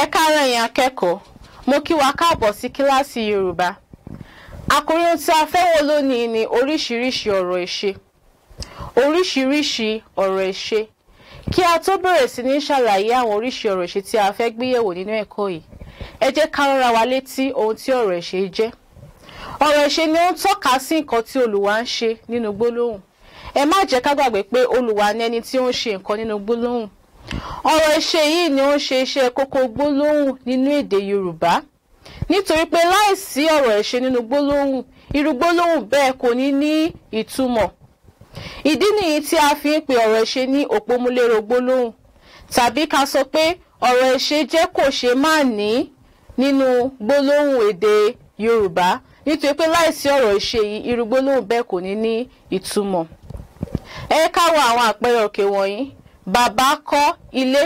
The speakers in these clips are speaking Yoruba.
ẹ káàárọ̀ yẹn akẹ́kọ̀ọ́ mo kí wa káàbọ̀ sí kíláàsì yorùbá àkòrí tí a fẹ́ wò lónìí ni oríṣiríṣi ọ̀rọ̀ èṣe oríṣiríṣi ọ̀rọ̀ èṣe kí a tó bẹ̀rẹ̀ sí ní ṣàlàyé àwọn oríṣi ọ̀rọ̀ èṣe tí a fẹ́ gbéyẹ̀wò nínú ẹ̀kọ́ yìí ẹ jẹ́ ká rọra wa létí ohun tí ọ̀rọ̀ èṣe jẹ́ ọ̀rọ̀ èṣe ni ó ń tọ́ka sí nǹkan tí olùwà ń ṣe nínú gbólóhùn ẹ má jẹ́ ká gbàgbé pé olùwà ni ẹni tí ó ń ṣe nǹkan nínú gbólóhùn ọ̀rọ̀ ìṣe yìí ni ó ń ṣe iṣẹ́ kókó gbólóhùn nínú èdè Yorùbá nítorí pé láìsí ọ̀rọ̀ ìṣe nínú gbólóhùn irú gbólóhùn bẹ́ẹ̀ kò ní ní ìtumọ̀ ìdí nìyí tí a fi ń pe ọ̀rọ̀ ìṣe ní òpómúléró gbólóhùn tàbí ká sọ pé ọ̀rọ̀ ìṣe jẹ́ kò ṣe má ní nínú gbólóhùn èdè Yorùbá nítorí pé láìsí ọ̀rọ̀ ìṣe yìí irú gbólóhùn bẹ́ẹ̀ kò ní ní ìtumọ̀ ẹ ká àwọn àpẹẹrẹ òkè wọ̀nyí bàbá kọ́ ilé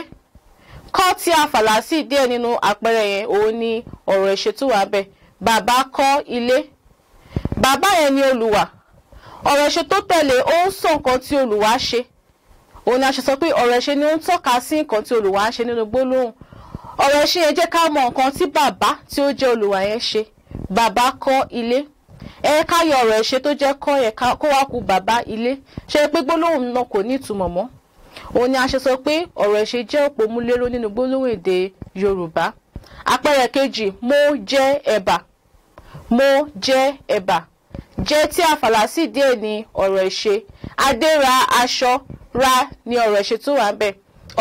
kọ́ tí a fàlà sí díẹ̀ nínú àpẹẹrẹ yẹn òun ni ọ̀rọ̀ ìṣètò wà bẹ́ẹ̀ bàbá kọ́ ilé bàbá yẹn ni olùwà ọ̀rọ̀ ìṣe tó tẹ̀lé ó ń sọ nǹkan tí olùwà ṣe òun ni a ṣe sọ pé ọ̀rọ̀ ìṣe ni ó ń tọ́ka sí nǹkan tí olùwà ṣe nínú gbólóhùn ọ̀rọ̀ ìṣe yẹn jẹ́ ká mọ nǹkan tí bàbá tí ó jẹ́ olùwà yẹn ṣe bàbá kọ́ ilé ẹ ká yọ ọ̀rọ̀ ìṣe tó jẹ́ kọ́ yẹn kó wá ku bàbá ilé ṣe pé gbólóhùn náà kò ní ìtumọ̀ mọ́ òun ni a ṣe sọ pé ọ̀rọ̀ ìṣe jẹ́ òpómúléró nínú gbólóhùn èdè Yorùbá àpẹẹrẹ kejì mo jẹ ẹ̀bà mo jẹ ẹ̀bà jẹ tí a fàlà díẹ̀ ni ọ̀rọ̀ ìṣe adé ra aṣọ ra ni ọ̀rọ̀ ìṣe tó wà ń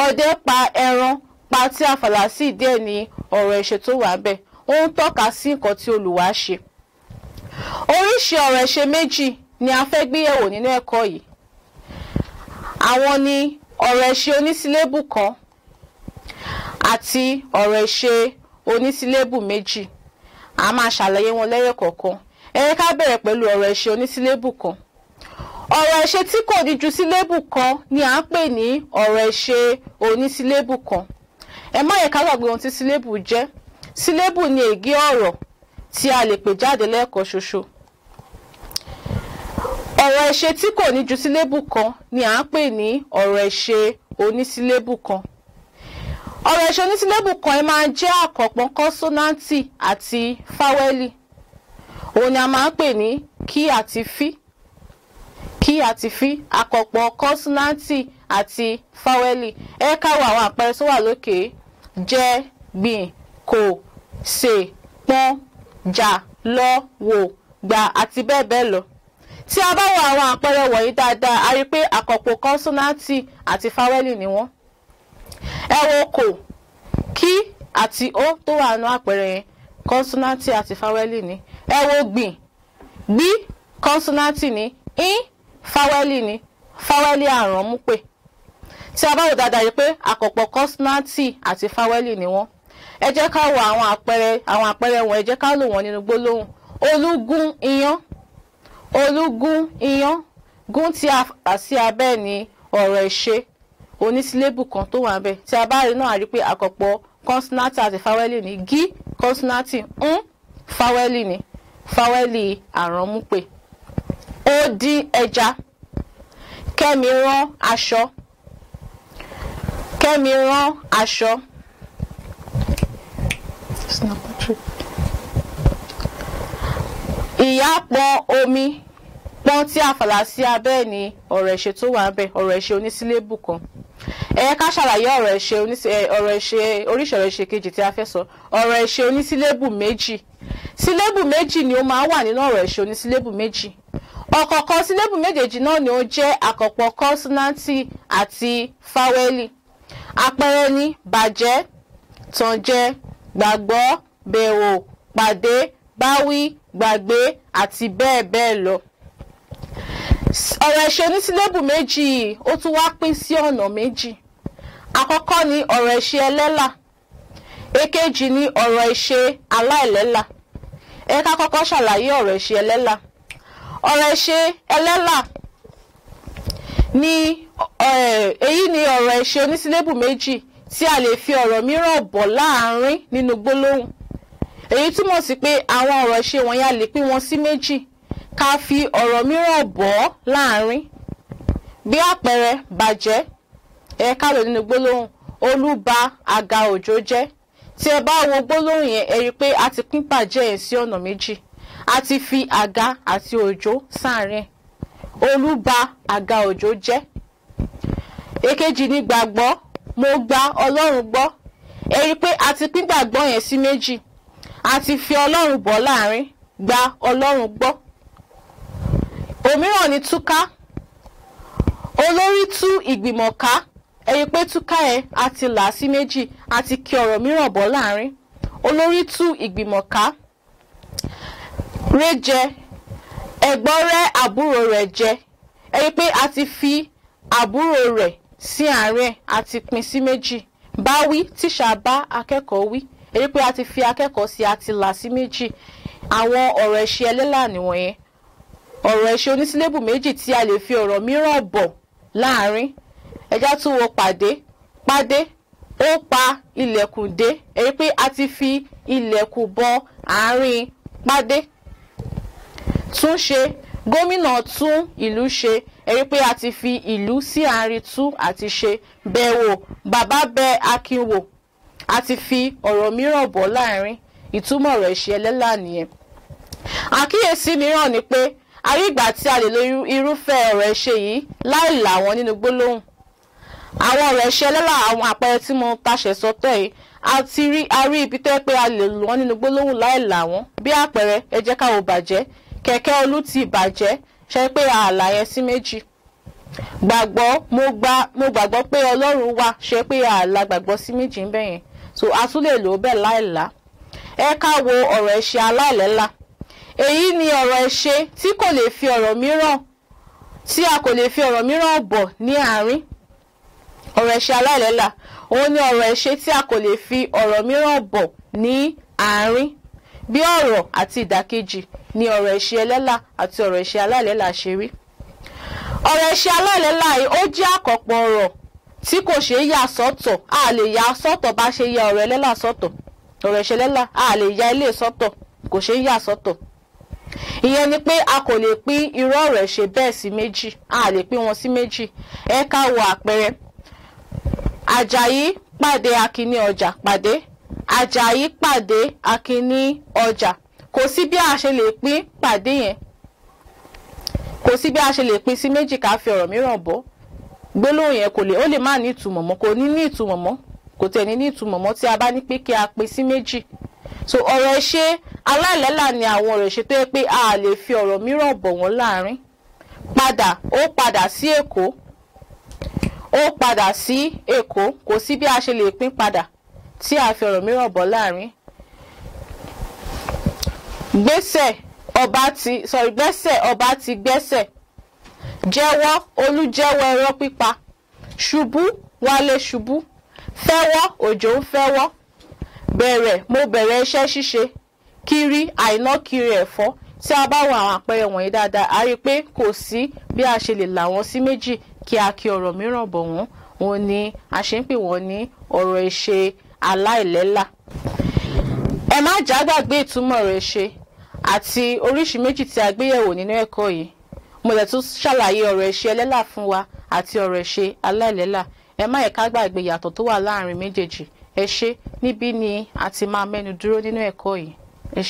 ọdẹ pa ẹran pa tí a fàlà sí díẹ̀ ni ọ̀rọ̀ ìṣe tó wà ń bẹ̀ ó ń tọ́ka sí nǹkan tí olùwà ṣe oríṣi ọ̀rọ̀ ìṣe méjì ni a fẹ́ gbéyẹ̀wò nínú ẹ̀kọ́ yìí àwọn ni ọ̀rọ̀ ẹ̀ṣe onísílébù kan àti ọ̀rọ̀ ẹ̀ṣe onísílébù méjì a máa ṣàlàyé wọn lẹ́yọ̀ kọ̀ọ̀kan ẹ jẹ́ ká bẹ̀rẹ̀ pẹ̀lú ọ̀rọ̀ ẹ̀ṣe onísílébù kan ọ̀rọ̀ ẹ̀ṣe tí kò ní ju sílébù kan ni à ń pè ní ọ̀rọ̀ ẹ̀ṣe onísílébù kan ẹ má yẹ ká gbàgbé ohun tí sílébù jẹ́ sílébù ni ègé ọ̀rọ̀ tí a lè pè jáde lẹ́ẹ̀kan ṣoṣo ọ̀rọ̀ ẹ̀ṣẹ̀ tí kò ní ju sílébù kan ni à ń pè ní ọ̀rọ̀ ẹ̀ṣẹ̀ onísílébù kan ọ̀rọ̀ ẹ̀ṣẹ̀ onísílébù kan máa jẹ́ àkànpọ̀ kọ́nsọ́náǹtì àti fáwẹ́lì òun ni a máa ń pè ní kí àti fí kí àti fí àkànpọ̀ kọ́nsọ́náǹtì àti fáwẹ́lì ẹ káwọ àwọn àpẹẹrẹ tó wà lókè jẹ́ gbìn kò ṣe pọ́n jà lọ wò gbà àti bẹ́ẹ̀ bẹ́ẹ̀ lọ tí a bá wo àwọn àpẹẹrẹ wọ̀nyí dáadáa a rí i pé àkànpọ̀ kọ́ńsónáǹtì àti fáwẹ́lì ni wọ́n ẹ wo kò kí àti ó tó wà nù àpẹẹrẹ yẹn kọ́ńsónáǹtì àti fáwẹ́lì ni ẹ wo gbìn gbí kọ́ńsónáǹtì ni ín fáwẹ́lì ni fáwẹ́lì àrán mú pè tí a bá wò dáadáa yìí pé àkànpọ̀ kọ́ńsónáǹtì àti fáwẹ́lì ni wọ́n ẹ jẹ́ ká wo àwọn àpẹẹrẹ àwọn àpẹẹrẹ wọn ẹ jẹ́ ká lò wọ́n nínú gbólóhùn olúgun iyán olúgun iyán gun tí a fà sí abẹ́ ni ọ̀rọ̀ ìṣe onísílébù kan tó wà bẹ́ẹ̀ tí a bá rí náà rí pé àkànpọ̀ kọ́nsínátì àti fáwẹ́lì ni gí kọ́nsínátì ń fáwẹ́lì ni fáwẹ́lì àránmúpè ó dín ẹja kẹ́mi rán aṣọ kẹ́mi rán aṣọ ìyá pọn omi pọn tí a fàlà sí abẹ́ ni ọ̀rọ̀ ẹ̀ṣẹ̀ tó wà ń bẹ̀ ọ̀rọ̀ ẹ̀ṣẹ̀ onísílébù kan ẹ ká ṣàlàyé ọ̀rọ̀ ẹ̀ṣẹ̀ ọ̀rọ̀ ẹ̀ṣẹ̀ oríṣi ọ̀rọ̀ ẹ̀ṣẹ̀ kejì tí a fẹ́ sọ ọ̀rọ̀ ẹ̀ṣẹ̀ onísílébù méjì sílébù méjì ni ó máa wà nínú ọ̀rọ̀ ẹ̀ṣẹ̀ onísílébù méjì ọ̀kọ̀ọ̀kan sílébù méjèèjì náà ni ó jẹ́ àkànpọ̀ kọ́ńsónáǹtì àti fáwẹ́lì àpẹẹrẹ ni bàjẹ́ tànjẹ gbàgbọ́ bẹ̀wò pàdé báwí gbàgbé àti bẹ́ẹ̀ bẹ́ẹ̀ lọ. ọ̀rọ̀ ẹ̀ṣẹ̀ onísílẹ́bù méjì yìí ó tún wá pín sí ọ̀nà méjì àkọ́kọ́ ni ọ̀rọ̀ ẹ̀ṣẹ̀ ẹlẹ́là èkejì ni ọ̀rọ̀ ẹ̀ṣẹ̀ aláìlẹ́là ẹ ká kọ́kọ́ ṣàlàyé ọ̀rọ̀ ẹ̀ṣẹ̀ ẹlẹ́là ọ̀rọ̀ ẹ̀ṣẹ̀ ẹlẹ́là ni èyí ni ọ̀rọ̀ ẹ̀ṣẹ̀ onísílẹ́bù méjì tí a lè fi ọ̀rọ̀ mìíràn bọ̀ láàárín nínú gbólóhùn èyí túmọ̀ sí pé àwọn ọ̀rọ̀ ìṣe wọ̀nyí a lè pín wọn sí méjì ká fi ọ̀rọ̀ mìíràn bọ́ láàrin bí àpẹẹrẹ bàjẹ́ ẹ ká lò nínú gbólóhùn Olú ba àga Òjó jẹ́ tí ẹ bá wo gbólóhùn yẹn ẹ rí i pé a ti pín bàjẹ́ yẹn sí ọ̀nà méjì a ti fi àga àti Òjó sáàrin ẹ̀ Olú àga Òjó jẹ́ èkejì ni gbàgbọ́ mo gba Ọlọ́run gbọ́ ẹ rí i pé a ti pín gbàgbọ́ yẹn sí méjì àti fi ọlọ́run bọ̀ láàrin gba ọlọ́run gbọ́ òmíràn ni túká olórí tú ìgbìmọ̀ ká ẹyin pé túká ẹ àti là á sí méjì àti kí ọ̀rọ̀ mìíràn bọ̀ láàrin olórí tú ìgbìmọ̀ ká rẹ jẹ ẹ̀gbọ́n rẹ àbúrò rẹ̀ jẹ ẹyin pé a ti fi àbúrò rẹ̀ sí àárín àti pín sí méjì báwí tíṣà bá akẹ́kọ̀ọ́ wí èyí pé a ti fi akẹ́kọ̀ọ́ sí a ti là sí méjì àwọn ọ̀rọ̀ ẹ̀ṣẹ̀ ẹlẹ́lànì wọ̀nyẹn ọ̀rọ̀ ẹ̀ṣẹ̀ onísílébù méjì tí a lè fi ọ̀rọ̀ mìíràn bọ̀ láàrin ẹja tún wo pàdé pàdé ó pa ilẹ̀kùn dé èyí pé a ti fi ilẹ̀kùn bọ àárín pàdé tún ṣe gómìnà tún ìlú ṣe èyí pé a ti fi ìlú sí àárín tún àti ṣe bẹ̀ wò bàbá bẹ̀ akin wò a ti fi ọ̀rọ̀ mìíràn bọ̀ láàrin ìtumọ̀ ọ̀rọ̀ ìṣe ẹlẹ́là nìyẹn àkíyèsí mìíràn ni pé a rí ìgbà tí a lè lo irúfẹ́ ọ̀rọ̀ ìṣe yìí láì là wọ́n nínú gbólóhùn àwọn ọ̀rọ̀ ìṣe ẹlẹ́là àwọn àpẹẹrẹ tí mo taṣẹ̀ sọ tẹ̀ yìí a ti rí a rí ibi tẹ́ pé a lè lò wọ́n nínú gbólóhùn láì là wọ́n bí àpẹẹrẹ ẹ jẹ́ bàjẹ́ kẹ̀kẹ́ olú ti bàjẹ́ ṣe pé ààlà yẹn sí méjì gbàgbọ́ mo gbàgbọ́ pé ọlọ́run wà ṣe pé ààlà gbàgbọ́ sí méjì ń bẹ̀yẹn so a tún lè lò ó bẹ́ẹ̀ láìlá ẹ ká wo ọ̀rọ̀ ẹ̀ṣẹ̀ aláìlẹ́là èyí ni ọ̀rọ̀ ẹ̀ṣẹ̀ tí kò lè fi ọ̀rọ̀ mìíràn tí a kò lè fi ọ̀rọ̀ mìíràn bọ̀ ní àárín ọ̀rọ̀ ẹ̀ṣẹ̀ aláìlẹ́là òun ni ọ̀rọ̀ ẹ̀ṣẹ̀ tí a kò lè fi ọ̀rọ̀ mìíràn bọ̀ ní àárín bí ọ̀rọ̀ àti ìdàkejì ni ọ̀rọ̀ ẹ̀ṣẹ̀ ẹlẹ́là àti ọ̀rọ̀ ẹ̀ṣẹ̀ aláìlẹ́là ṣe rí ọ̀rọ̀ ẹ̀ṣẹ̀ aláìlẹ́là yìí ó jẹ́ àkọ́pọ̀ ọ̀rọ̀ tí kò ṣeé yà sọ́tọ̀ a lè yà sọ́tọ̀ bá ṣe ya ọ̀rọ̀ ẹlẹ́là sọ́tọ̀ ọ̀rọ̀ ìṣẹlẹ́là a lè ya ilé sọ́tọ̀ kò ṣeé yà sọ́tọ̀ ìyẹn ni pé a kò lè pín irọ́ ọ̀rọ̀ ẹ̀ṣẹ̀ bẹ́ẹ̀ sí méjì a lè pín wọn sí méjì ẹ ká wo àpẹẹrẹ Àjàyí pàdé Akin ní ọjà pàdé Àjàyí pàdé Akin ní ọjà kò sí bí a ṣe lè pín pàdé yẹn kò sí bí a ṣe lè pín sí méjì ká fi ọ̀rọ̀ mìíràn bọ́ gbólóhùn yẹn kò lè ó lè má ní ìtumọ̀ mọ́ kò ní ní ìtumọ̀ mọ́ kò tẹ̀ ní ìtumọ̀ mọ́ tí a bá ní pé kí a pín sí méjì so ọ̀rọ̀ ìṣe aláìlẹ́là ni àwọn ọ̀rọ̀ ìṣe tó yẹ pé a lè fi ọ̀rọ̀ mìíràn bọ̀ wọ́n láàrin padà ó padà sí Èkó ó padà sí Èkó kò sí bí a ṣe lè pín padà tí a fi ọ̀rọ̀ mìíràn bọ̀ láàrin gbèsè ọba ti sorry gbèsè ọba ti gbèsè jẹ́wọ́ Olú jẹ́wọ́ ẹ̀rọ pípa ṣubú Wálé ṣubú fẹ́wọ́ Òjó ń fẹ́wọ́ bẹ̀rẹ̀ mo bẹ̀rẹ̀ iṣẹ́ ṣíṣe kiri àìná kiri ẹ̀fọ́ tí a bá wo àwọn àpẹẹrẹ wọ̀nyí dáadáa a rí i pé kò sí bí a ṣe lè là wọ́n sí méjì kí a kí ọ̀rọ̀ mìíràn bọ̀ wọ́n òun ni a ṣe ń pè wọ́n ní ọ̀rọ̀ ìṣe aláìlẹ́là ẹ má já ìtumọ̀ ọ̀rọ̀ ìṣe àti oríṣìí méjì tí a gbéyẹ̀wò nínú ẹ̀kọ́ yìí mo lè tún ṣàlàyé ọ̀rọ̀ ìṣe ẹlẹ́là fún wa àti ọ̀rọ̀ ìṣe aláìlẹ́là ẹ má yẹ ká gbàgbé ìyàtọ̀ tó wà láàrin méjèèjì ẹ níbí ni a ti máa mẹ́nu dúró nínú ẹ̀kọ́ yìí ẹ